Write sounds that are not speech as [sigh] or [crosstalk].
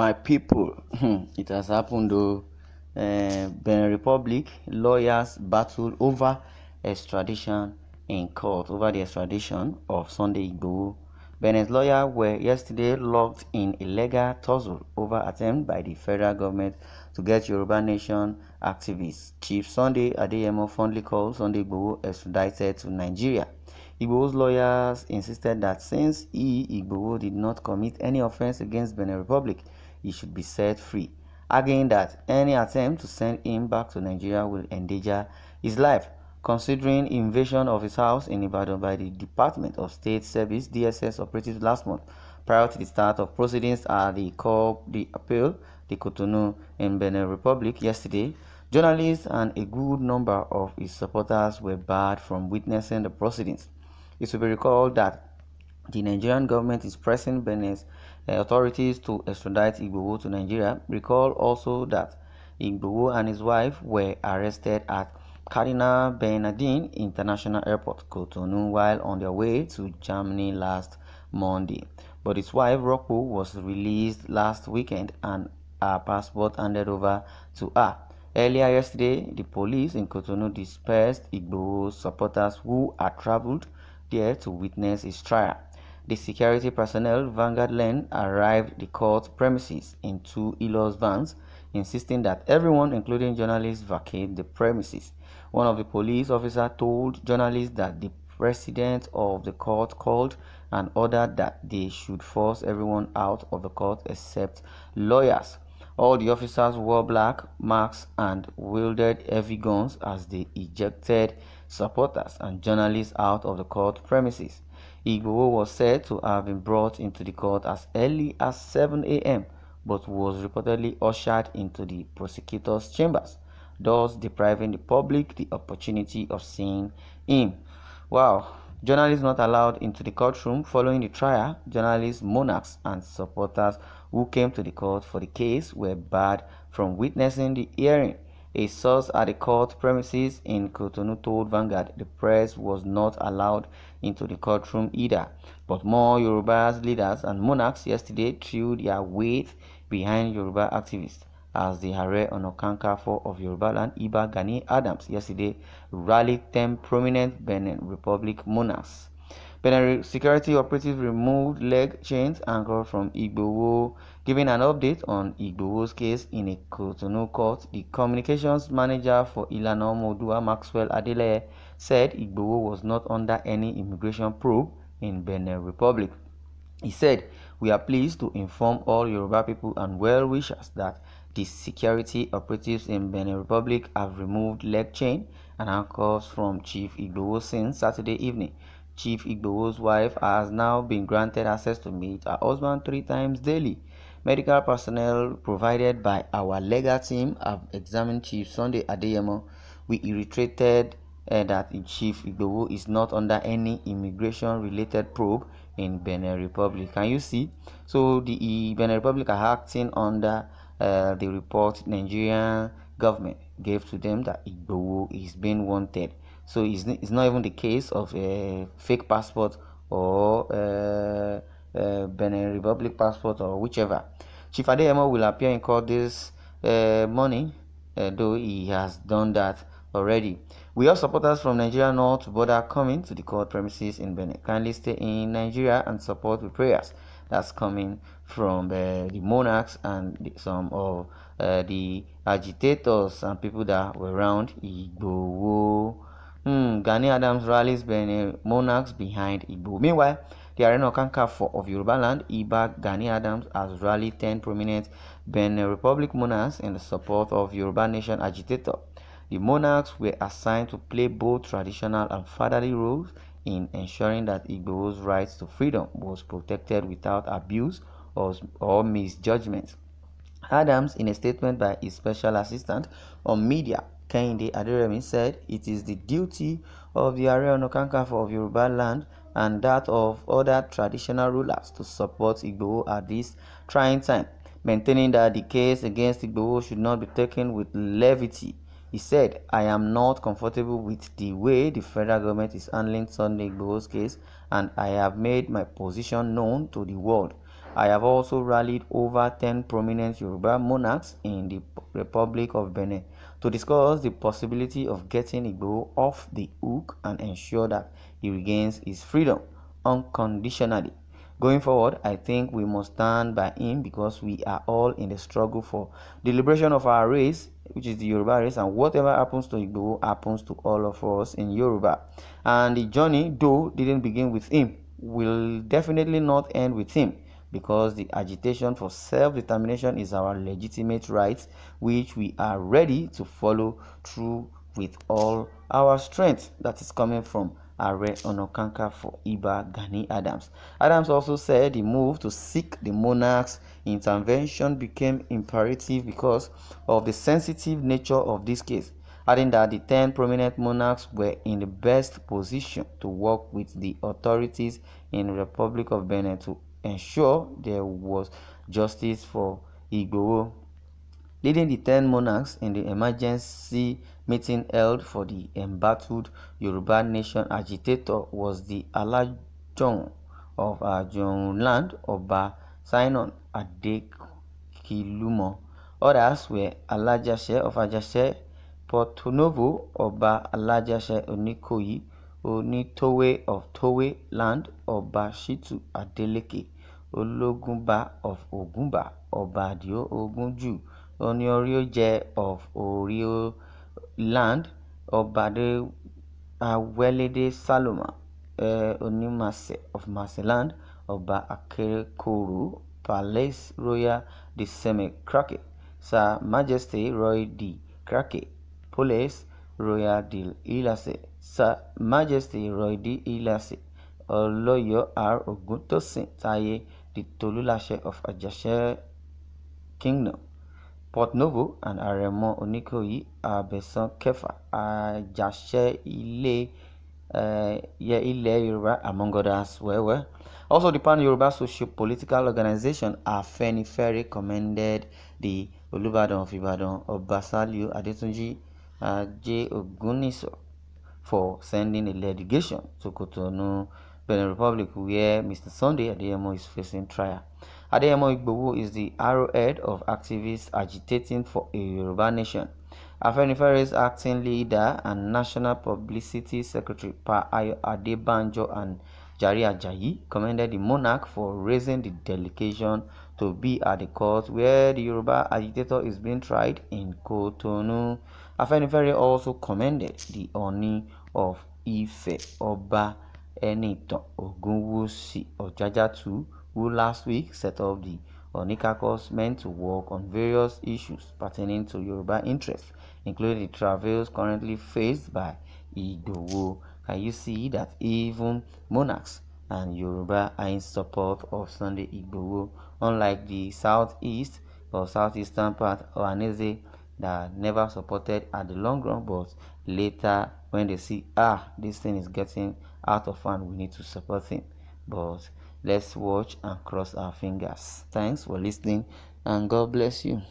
my people [laughs] it has happened though uh, eh, benin republic lawyers battled over extradition in court over the extradition of sunday Igbo. benin's lawyers were yesterday locked in a legal tussle over attempt by the federal government to get yoruba nation activist chief sunday adeyemo fondly called sunday Igbo extradited to nigeria Igbo's lawyers insisted that since he, Igbo, did not commit any offense against Benin Republic, he should be set free, arguing that any attempt to send him back to Nigeria will endanger his life, considering invasion of his house in Ibadan by the Department of State Service DSS operated last month prior to the start of proceedings at the court the appeal the Cotonou in Benin Republic yesterday. Journalists and a good number of his supporters were barred from witnessing the proceedings. It should be recalled that the Nigerian government is pressing Benin's uh, authorities to extradite Igboho to Nigeria. Recall also that Igboho and his wife were arrested at Cardinal Bernardin International Airport, Cotonou, while on their way to Germany last Monday. But his wife, Rocco, was released last weekend and her passport handed over to her. Earlier yesterday, the police in Cotonou dispersed Igboho's supporters who had traveled there to witness his trial. The security personnel, Vanguard Lane, arrived the court premises in two ELOS vans, insisting that everyone, including journalists, vacate the premises. One of the police officers told journalists that the president of the court called and ordered that they should force everyone out of the court except lawyers. All the officers wore black masks and wielded heavy guns as they ejected supporters and journalists out of the court premises. Igbo was said to have been brought into the court as early as 7 a.m. but was reportedly ushered into the prosecutor's chambers, thus depriving the public the opportunity of seeing him. Wow, journalists not allowed into the courtroom following the trial, journalists, monarchs, and supporters who came to the court for the case were barred from witnessing the hearing. A source at the court premises in Cotonou told Vanguard the press was not allowed into the courtroom either. But more Yoruba leaders and monarchs yesterday threw their weight behind Yoruba activists as the Hare Onokankafo of Yoruba land Iba Gani Adams yesterday rallied 10 prominent Benin Republic monarchs. Benin security operatives removed leg chains anchored from Igbowo Giving an update on Igboho's case in a Cotonou court, the communications manager for Ilana Modua Maxwell Adele said Igboho was not under any immigration probe in Benin Republic. He said, We are pleased to inform all Yoruba people and well-wishers that the security operatives in Benin Republic have removed leg chain and handcuffs from Chief Igboho since Saturday evening. Chief Igboho's wife has now been granted access to meet her husband three times daily. Medical personnel provided by our legal team have examined Chief Sunday Adeyemo. We reiterated uh, that Chief Igbowo is not under any immigration-related probe in Benin Republic. Can you see? So the Benin Republic are acting under uh, the report Nigerian government gave to them that Igbowo is being wanted. So it's, it's not even the case of a fake passport or uh, Benin Republic passport or whichever. Chief Adeyemo will appear in court this uh, morning, uh, though he has done that already. We have supporters from Nigeria North to border coming to the court premises in Benin. Kindly stay in Nigeria and support with prayers. That's coming from uh, the monarchs and the, some of uh, the agitators and people that were around Igbo. Hmm, Gani Adams rallies Benin monarchs behind Igbo. Meanwhile, Yaren Okankafo of Yorubaland Iba Gani Adams has rallied 10 prominent Benin Republic monarchs in the support of Yoruba nation agitator. The monarchs were assigned to play both traditional and fatherly roles in ensuring that Igbo's rights to freedom was protected without abuse or, or misjudgment. Adams, in a statement by his special assistant on media, Kehinde Aderemi said, It is the duty of the Area Ona of Yoruba land and that of other traditional rulers to support Igbo at this trying time, maintaining that the case against Igbo should not be taken with levity. He said, I am not comfortable with the way the federal government is handling Sunday Igbo's case and I have made my position known to the world. I have also rallied over 10 prominent Yoruba monarchs in the Republic of Benin to discuss the possibility of getting Igbo off the hook and ensure that he regains his freedom unconditionally. Going forward, I think we must stand by him because we are all in the struggle for the liberation of our race, which is the Yoruba race, and whatever happens to Igbo happens to all of us in Yoruba. And the journey, though didn't begin with him, will definitely not end with him because the agitation for self determination is our legitimate right, which we are ready to follow through with all our strength. That is coming from Are Onokanka for Iba Gani Adams. Adams also said the move to seek the monarch's intervention became imperative because of the sensitive nature of this case, adding that the 10 prominent monarchs were in the best position to work with the authorities in the Republic of Benin to ensure there was justice for Igboho, leading the ten monarchs in the emergency meeting held for the embattled Yoruba Nation agitator was the Alaajun of Ajohunland, Oba Sinon Adekilumo. Others were Alajase of Ajase, Porto-Novo, Oba Alajase Onikoyi, Oni Towe of Towe land ọba shittu adeleke ológunbá of ògúnbá ọba Ogunju. Oni oníórìójẹ of oríó land ọba awẹ́lẹ́dé sálọ́mà Oni onímasẹ̀ of masẹ̀ land ọba akérèkọ́rò palace royal de seme krake sir majesty roy D. krake Police royal de ilase Sir Majesty Royde Elias Oloyo R. Ògúntósìn Táyé the Tolúlàṣẹ of Àjàṣe Kingdom, Porto-Novo and Àrẹ̀mọ Oníkòyí Abẹ̀sán Kẹfà Àjàṣe Ilẹ̀ eh, ilẹ̀ Yorùbá among others wẹ́wẹ́. Well, well. Also, the Pan-Yoruba Socio-Political Organization Afenifere commended the Olubadan of Ibadan Ọba Saliu Adetunji Aje Ogunniso for sending a delegation to Cotonou, Benin Republic, where Mr. Sunday Adeyemo is facing trial. Adeyemo Igbowo is the arrowhead of activists agitating for a Yoruba nation. Afenifere's acting leader and National Publicity Secretary Pa Ayo Adebanjo and Jare Ajayi commended the monarch for raising the delegation to be at the court where the Yoruba agitator is being tried in Cotonou. Afenifere also commended the Ooni of Ife, Ọba Enitan Ogunwusi Ọjàjàtú, who last week set up the Onikako's meant to work on various issues pertaining to Yoruba interests, including the travails currently faced by Igboho. Can you see that even monarchs and Yoruba are in support of Sunday Igboho, unlike the southeast or southeastern part of Ohaneze that never supported at the long run, but later when they see, ah, this thing is getting out of hand, we need to support him. But let's watch and cross our fingers. Thanks for listening, and God bless you.